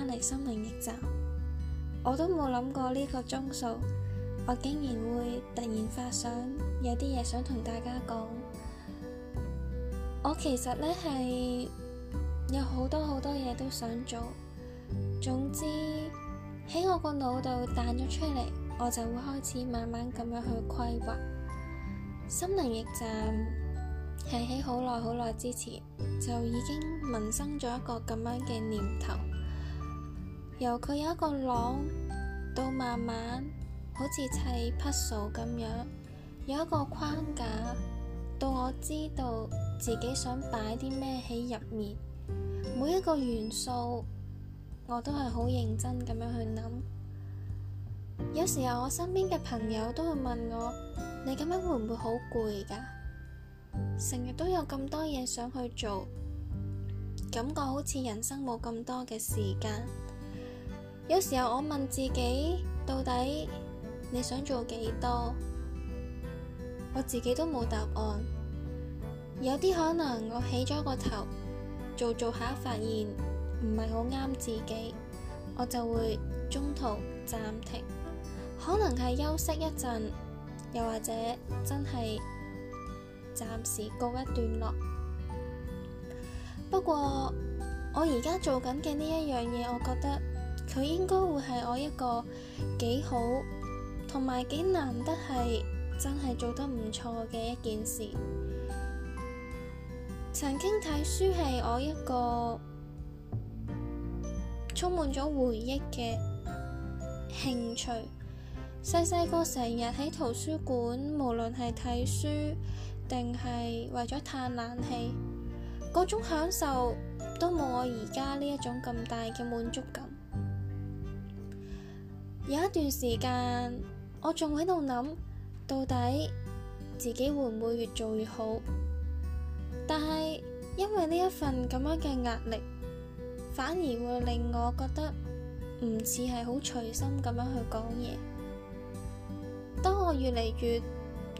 翻嚟《心靈驛站》，我都冇諗過呢個鐘數，我竟然會突然發想，有啲嘢想同大家講。我其實咧係有好多好多嘢都想做，總之喺我個腦度彈咗出嚟，我就會開始慢慢咁樣去規劃《心靈驛站》。係喺好耐好耐之前就已經萌生咗一個咁樣嘅念頭。由佢有一個廊，到慢慢好似砌 puzzle 咁樣，有一個框架到我知道自己想擺啲咩喺入面。每一個元素我都係好認真咁樣去諗。有時候我身邊嘅朋友都會問我，你咁樣會唔會好攰噶？成日都有咁多嘢想去做，感覺好似人生冇咁多嘅時間。有時候我問自己，到底你想做幾多？我自己都冇答案。有啲可能我起咗個頭，做做下發現唔係好啱自己，我就會中途暫停，可能係休息一陣，又或者真係暫時告一段落。不過我而家做緊嘅呢一樣嘢，我覺得。佢應該會係我一個幾好，同埋幾難得，係真係做得唔錯嘅一件事。曾經睇書係我一個充滿咗回憶嘅興趣。細細個成日喺圖書館，無論係睇書定係為咗歎冷氣，嗰種享受都冇我而家呢一種咁大嘅滿足感。有一段時間，我仲喺度諗，到底自己會唔會越做越好？但係因為呢一份咁樣嘅壓力，反而會令我覺得唔似係好隨心咁樣去講嘢。當我越嚟越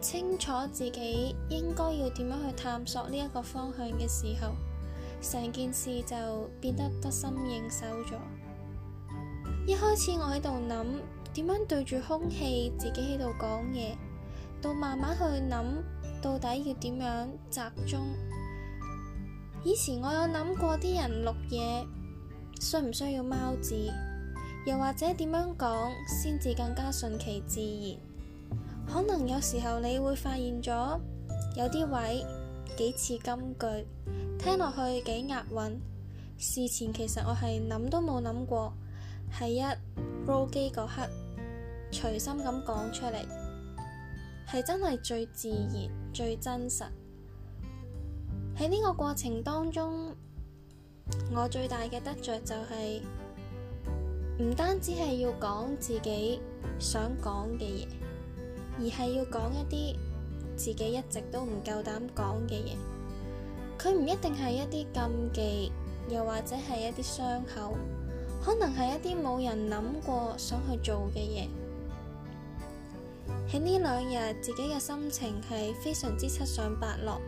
清楚自己應該要點樣去探索呢一個方向嘅時候，成件事就變得得得心應手咗。一開始我喺度諗點樣對住空氣自己喺度講嘢，到慢慢去諗到底要點樣集中。以前我有諗過啲人錄嘢需唔需要貓字，又或者點樣講先至更加順其自然。可能有時候你會發現咗有啲位幾似金句，聽落去幾押韻，事前其實我係諗都冇諗過。喺一 roll 機嗰刻，隨心咁講出嚟，係真係最自然、最真實。喺呢個過程當中，我最大嘅得着就係、是、唔單止係要講自己想講嘅嘢，而係要講一啲自己一直都唔夠膽講嘅嘢。佢唔一定係一啲禁忌，又或者係一啲傷口。可能係一啲冇人諗過想去做嘅嘢。喺呢兩日，自己嘅心情係非常之七上八落，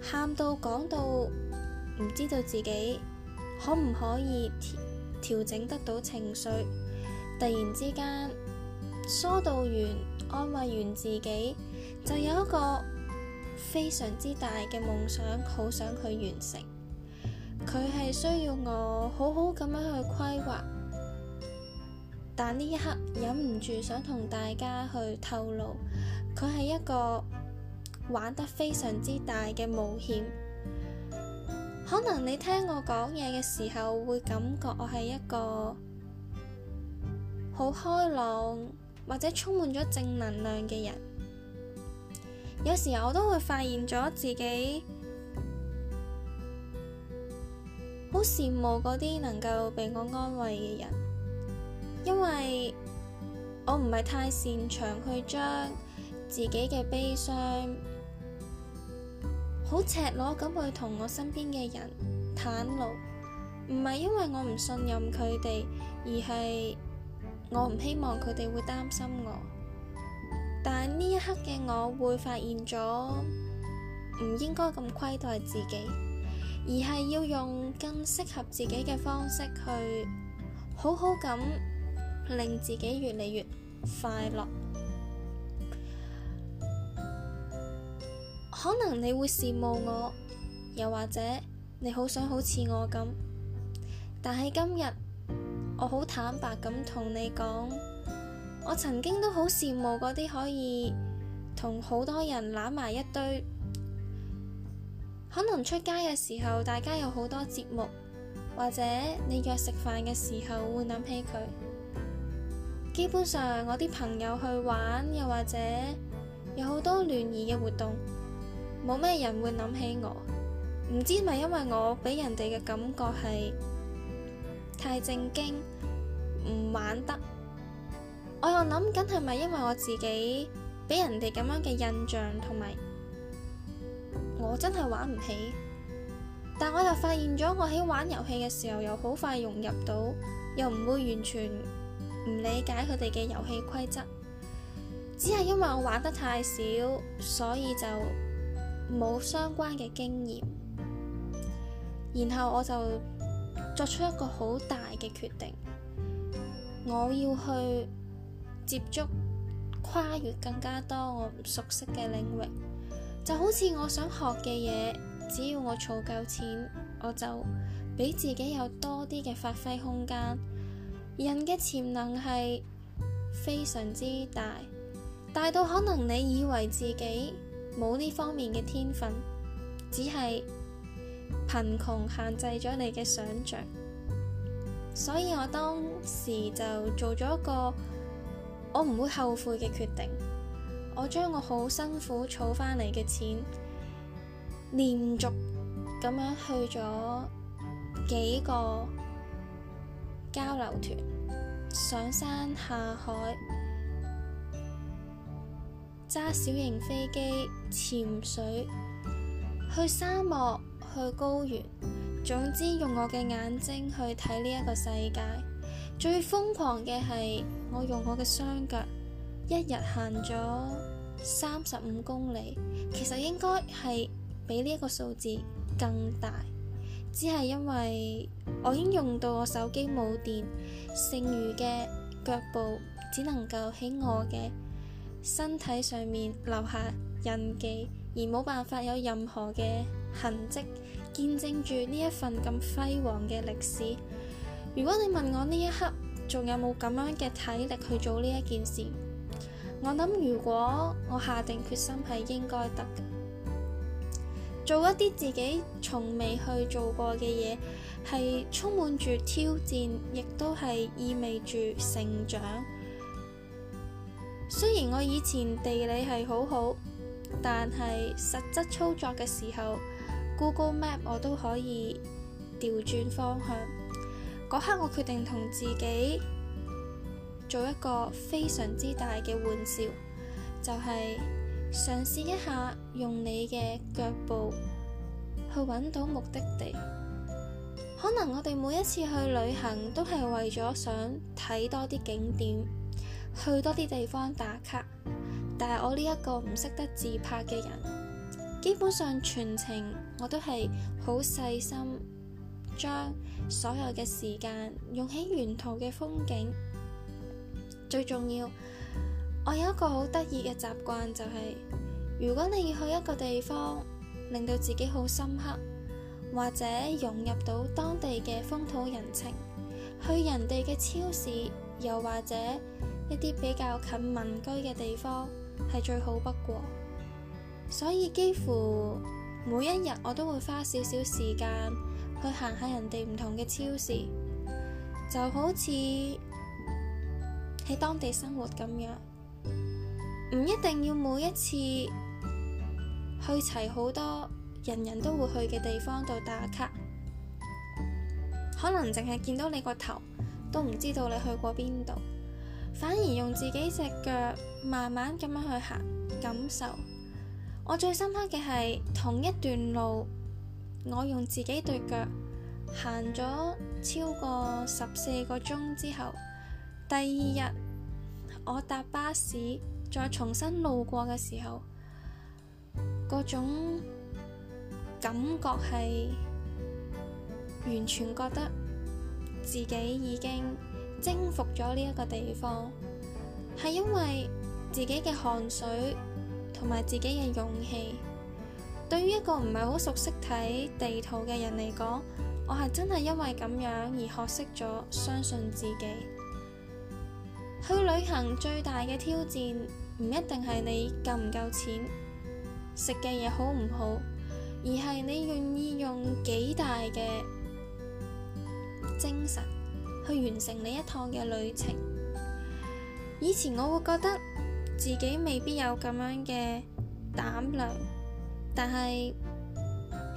喊到講到，唔知道自己可唔可以調整得到情緒。突然之間，疏導完、安慰完自己，就有一個非常之大嘅夢想，好想去完成。佢係需要我好好咁樣去規劃，但呢一刻忍唔住想同大家去透露，佢係一個玩得非常之大嘅冒險。可能你聽我講嘢嘅時候，會感覺我係一個好開朗或者充滿咗正能量嘅人。有時候我都會發現咗自己。好羨慕嗰啲能夠俾我安慰嘅人，因為我唔係太擅長去將自己嘅悲傷好赤裸咁去同我身邊嘅人袒露，唔係因為我唔信任佢哋，而係我唔希望佢哋會擔心我。但係呢一刻嘅我會發現咗，唔應該咁虧待自己。而係要用更適合自己嘅方式去好好咁令自己越嚟越快樂。可能你會羨慕我，又或者你好想好似我咁，但係今日我好坦白咁同你講，我曾經都好羨慕嗰啲可以同好多人攬埋一堆。可能出街嘅時候，大家有好多節目，或者你約食飯嘅時候會諗起佢。基本上，我啲朋友去玩，又或者有好多聯誼嘅活動，冇咩人會諗起我。唔知係咪因為我俾人哋嘅感覺係太正經，唔玩得。我又諗緊係咪因為我自己俾人哋咁樣嘅印象同埋，我真係玩唔起，但我又發現咗，我喺玩遊戲嘅時候又好快融入到，又唔會完全唔理解佢哋嘅遊戲規則，只係因為我玩得太少，所以就冇相關嘅經驗。然後我就作出一個好大嘅決定，我要去接觸跨越更加多我唔熟悉嘅領域。就好似我想學嘅嘢，只要我儲夠錢，我就俾自己有多啲嘅發揮空間。人嘅潛能係非常之大，大到可能你以為自己冇呢方面嘅天分，只係貧窮限制咗你嘅想象。所以我當時就做咗一個我唔會後悔嘅決定。我將我好辛苦儲翻嚟嘅錢，連續咁樣去咗幾個交流團，上山下海，揸小型飛機、潛水，去沙漠、去高原，總之用我嘅眼睛去睇呢一個世界。最瘋狂嘅係我用我嘅雙腳。一日行咗三十五公里，其實應該係比呢個數字更大。只係因為我已經用到我手機冇電，剩餘嘅腳步只能夠喺我嘅身體上面留下印記，而冇辦法有任何嘅痕跡見證住呢一份咁輝煌嘅歷史。如果你問我呢一刻仲有冇咁樣嘅體力去做呢一件事？我諗，如果我下定決心，係應該得嘅。做一啲自己從未去做過嘅嘢，係充滿住挑戰，亦都係意味住成長。雖然我以前地理係好好，但係實質操作嘅時候，Google Map 我都可以調轉方向。嗰刻我決定同自己。做一個非常之大嘅玩笑，就係嘗試一下用你嘅腳步去搵到目的地。可能我哋每一次去旅行都係為咗想睇多啲景點，去多啲地方打卡。但係我呢一個唔識得自拍嘅人，基本上全程我都係好細心，將所有嘅時間用喺沿途嘅風景。最重要，我有一個好得意嘅習慣，就係、是、如果你要去一個地方，令到自己好深刻，或者融入到當地嘅風土人情，去人哋嘅超市，又或者一啲比較近民居嘅地方，係最好不過。所以幾乎每一日我都會花少少時間去行下人哋唔同嘅超市，就好似。喺當地生活咁樣，唔一定要每一次去齊好多人人都會去嘅地方度打卡，可能淨係見到你個頭，都唔知道你去過邊度。反而用自己隻腳慢慢咁樣去行，感受。我最深刻嘅係同一段路，我用自己對腳行咗超過十四個鐘之後。第二日，我搭巴士再重新路過嘅時候，嗰種感覺係完全覺得自己已經征服咗呢一個地方，係因為自己嘅汗水同埋自己嘅勇氣。對於一個唔係好熟悉睇地圖嘅人嚟講，我係真係因為咁樣而學識咗相信自己。去旅行最大嘅挑戰唔一定係你夠唔夠錢，食嘅嘢好唔好，而係你願意用幾大嘅精神去完成呢一趟嘅旅程。以前我會覺得自己未必有咁樣嘅膽量，但係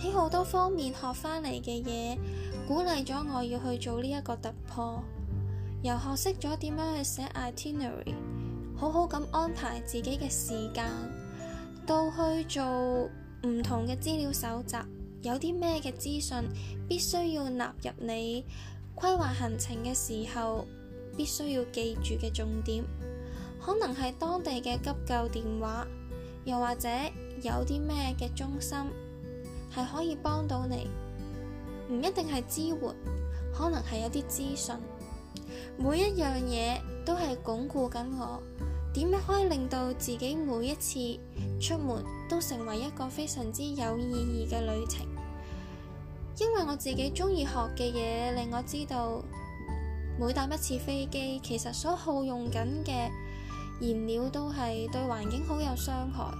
喺好多方面學翻嚟嘅嘢，鼓勵咗我要去做呢一個突破。又學識咗點樣去寫 itinerary，好好咁安排自己嘅時間，到去做唔同嘅資料搜集，有啲咩嘅資訊必須要納入你規劃行程嘅時候，必須要記住嘅重點，可能係當地嘅急救電話，又或者有啲咩嘅中心係可以幫到你，唔一定係支援，可能係有啲資訊。每一樣嘢都係鞏固緊我，點樣可以令到自己每一次出門都成為一個非常之有意義嘅旅程，因為我自己中意學嘅嘢令我知道，每搭一次飛機其實所耗用緊嘅燃料都係對環境好有傷害，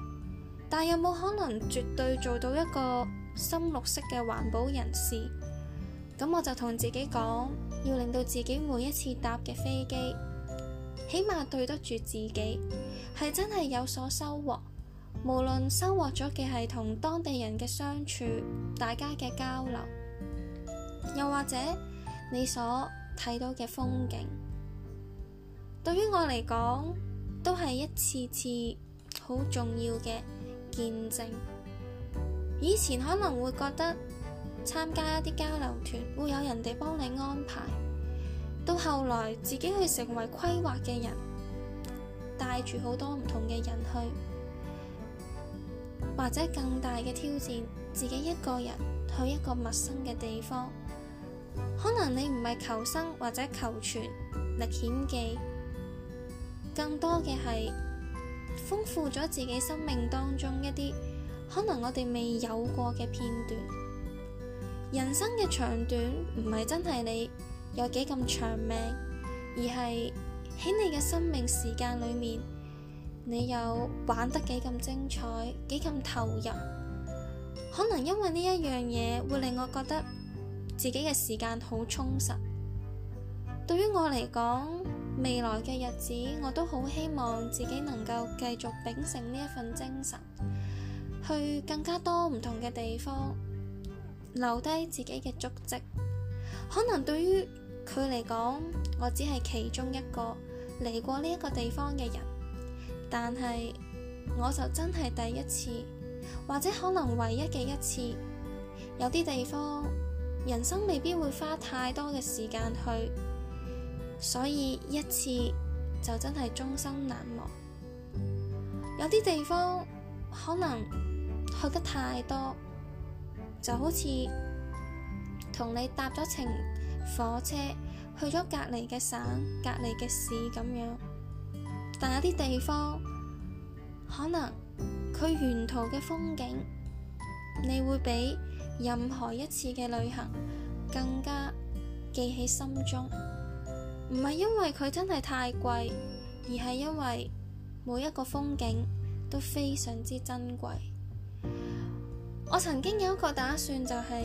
但又冇可能絕對做到一個深綠色嘅環保人士。咁我就同自己講，要令到自己每一次搭嘅飛機，起碼對得住自己，係真係有所收穫。無論收穫咗嘅係同當地人嘅相處，大家嘅交流，又或者你所睇到嘅風景，對於我嚟講，都係一次次好重要嘅見證。以前可能會覺得。參加一啲交流團，會有人哋幫你安排。到後來自己去成為規劃嘅人，帶住好多唔同嘅人去，或者更大嘅挑戰，自己一個人去一個陌生嘅地方。可能你唔係求生或者求存，歷險記，更多嘅係豐富咗自己生命當中一啲可能我哋未有過嘅片段。人生嘅長短唔係真係你有幾咁長命，而係喺你嘅生命時間裏面，你又玩得幾咁精彩，幾咁投入。可能因為呢一樣嘢會令我覺得自己嘅時間好充實。對於我嚟講，未來嘅日子我都好希望自己能夠繼續秉承呢一份精神，去更加多唔同嘅地方。留低自己嘅足跡，可能對於佢嚟講，我只係其中一個嚟過呢一個地方嘅人，但係我就真係第一次，或者可能唯一嘅一次。有啲地方，人生未必會花太多嘅時間去，所以一次就真係終生難忘。有啲地方可能去得太多。就好似同你搭咗程火車去咗隔籬嘅省、隔籬嘅市咁樣，但有啲地方可能佢沿途嘅風景，你會比任何一次嘅旅行更加記喺心中。唔係因為佢真係太貴，而係因為每一個風景都非常之珍貴。我曾經有一個打算，就係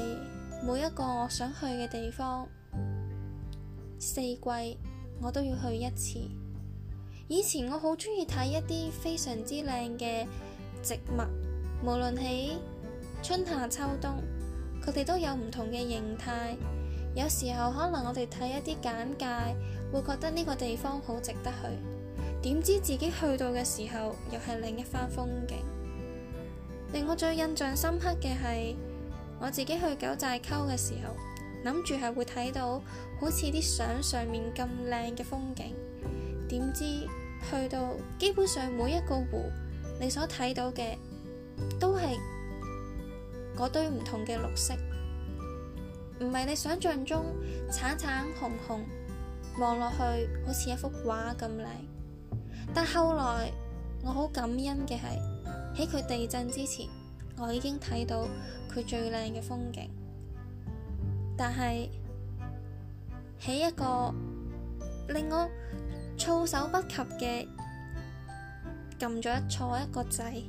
每一個我想去嘅地方，四季我都要去一次。以前我好中意睇一啲非常之靚嘅植物，無論喺春夏秋冬，佢哋都有唔同嘅形態。有時候可能我哋睇一啲簡介，會覺得呢個地方好值得去，點知自己去到嘅時候，又係另一番風景。令我最印象深刻嘅係我自己去九寨溝嘅時候，諗住係會睇到好似啲相上面咁靚嘅風景。點知去到基本上每一個湖，你所睇到嘅都係嗰堆唔同嘅綠色，唔係你想象中橙橙紅紅，望落去好似一幅畫咁靚。但後來我好感恩嘅係。喺佢地震之前，我已經睇到佢最靚嘅風景。但係喺一個令我措手不及嘅，撳咗一錯一個掣，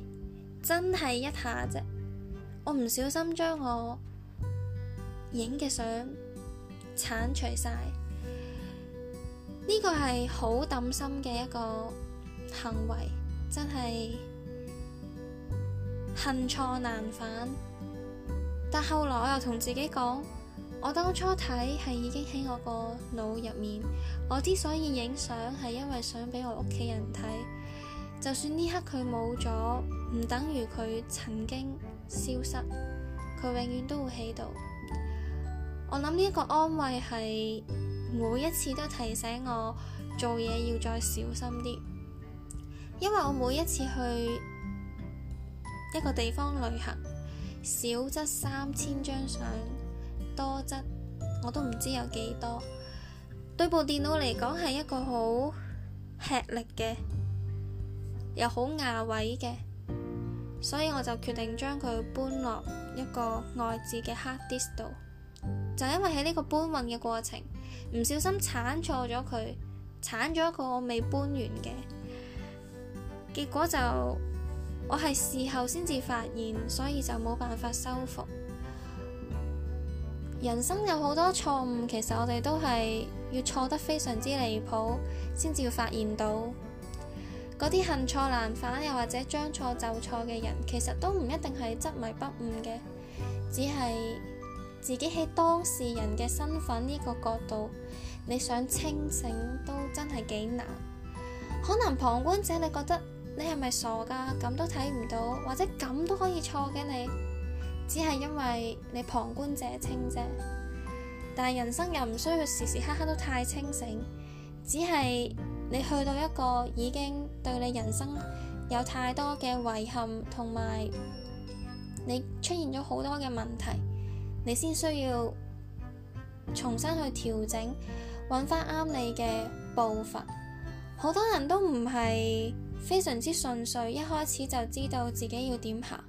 真係一下啫。我唔小心將我影嘅相鏟除晒，呢、這個係好抌心嘅一個行為，真係。恨錯難返，但後來我又同自己講：我當初睇係已經喺我個腦入面。我之所以影相係因為想俾我屋企人睇，就算呢刻佢冇咗，唔等於佢曾經消失，佢永遠都會喺度。我諗呢一個安慰係每一次都提醒我做嘢要再小心啲，因為我每一次去一個地方旅行，少則三千張相，多則我都唔知有幾多。對部電腦嚟講係一個好吃力嘅，又好壓位嘅，所以我就決定將佢搬落一個外置嘅 hard disk 度。就因為喺呢個搬運嘅過程，唔小心鏟錯咗佢，鏟咗一個我未搬完嘅，結果就。我係事後先至發現，所以就冇辦法修復。人生有好多錯誤，其實我哋都係要錯得非常之離譜，先至要發現到嗰啲恨錯難返，又或者將錯就錯嘅人，其實都唔一定係執迷不悟嘅，只係自己喺當事人嘅身份呢個角度，你想清醒都真係幾難。可能旁觀者你覺得。你係咪傻噶？咁都睇唔到，或者咁都可以錯嘅。你只係因為你旁觀者清啫。但人生又唔需要時時刻刻都太清醒，只係你去到一個已經對你人生有太多嘅遺憾，同埋你出現咗好多嘅問題，你先需要重新去調整，揾翻啱你嘅步伐。好多人都唔係。非常之順遂，一開始就知道自己要點行。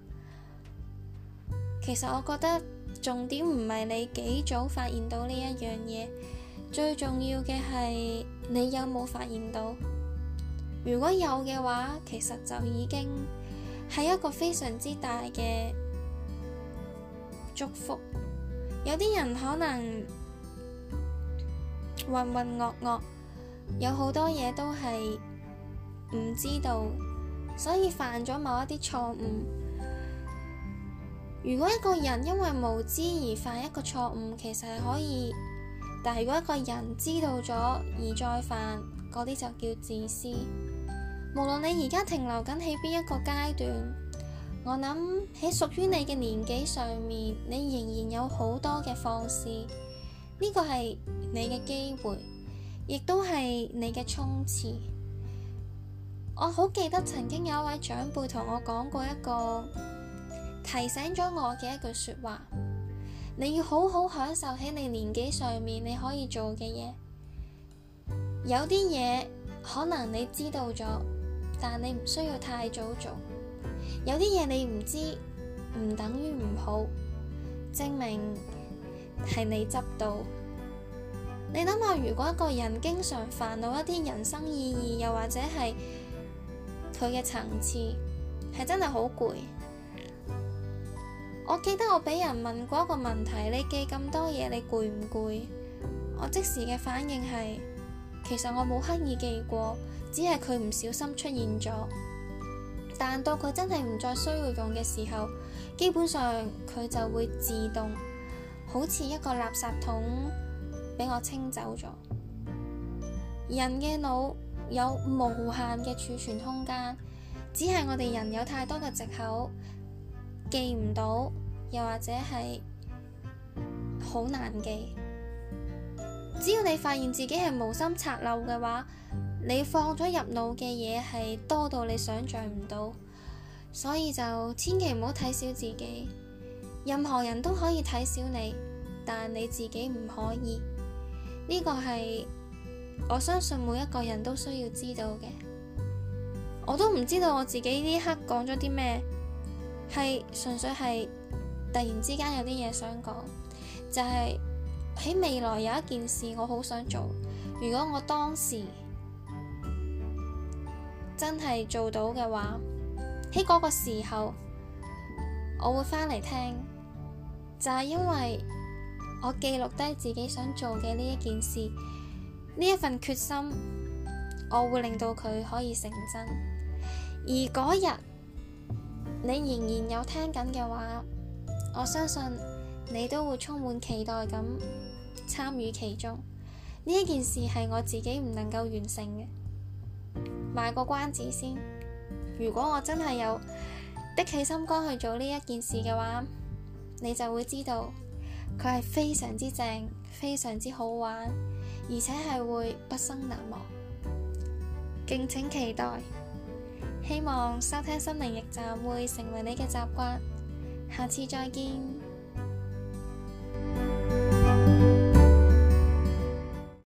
其實我覺得重點唔係你幾早發現到呢一樣嘢，最重要嘅係你有冇發現到。如果有嘅話，其實就已經係一個非常之大嘅祝福。有啲人可能渾渾噩噩，有好多嘢都係。唔知道，所以犯咗某一啲錯誤。如果一個人因為無知而犯一個錯誤，其實係可以，但係如果一個人知道咗而再犯，嗰啲就叫自私。無論你而家停留緊喺邊一個階段，我諗喺屬於你嘅年紀上面，你仍然有好多嘅放肆，呢個係你嘅機會，亦都係你嘅衝刺。我好記得曾經有一位長輩同我講過一個提醒咗我嘅一句說話。你要好好享受喺你年紀上面你可以做嘅嘢。有啲嘢可能你知道咗，但你唔需要太早做。有啲嘢你唔知，唔等於唔好，證明係你執到。你諗下，如果一個人經常煩惱一啲人生意義，又或者係。佢嘅層次係真係好攰。我記得我俾人問過一個問題，你記咁多嘢，你攰唔攰？我即時嘅反應係其實我冇刻意記過，只係佢唔小心出現咗。但到佢真係唔再需要用嘅時候，基本上佢就會自動好似一個垃圾桶俾我清走咗。人嘅腦，.有無限嘅儲存空間，只係我哋人有太多嘅借口記唔到，又或者係好難記。只要你發現自己係無心插柳嘅話，你放咗入腦嘅嘢係多到你想象唔到，所以就千祈唔好睇小自己。任何人都可以睇小你，但你自己唔可以。呢、這個係。我相信每一個人都需要知道嘅，我都唔知道我自己呢刻講咗啲咩，係純粹係突然之間有啲嘢想講，就係喺未來有一件事我好想做，如果我當時真係做到嘅話，喺嗰個時候我會返嚟聽，就係因為我記錄低自己想做嘅呢一件事。呢一份決心，我會令到佢可以成真。而嗰日你仍然有聽緊嘅話，我相信你都會充滿期待咁參與其中。呢一件事係我自己唔能夠完成嘅，賣個關子先。如果我真係有的起心肝去做呢一件事嘅話，你就會知道佢係非常之正，非常之好玩。而且係會畢生難忘，敬請期待。希望收聽心靈驛站會成為你嘅習慣，下次再見。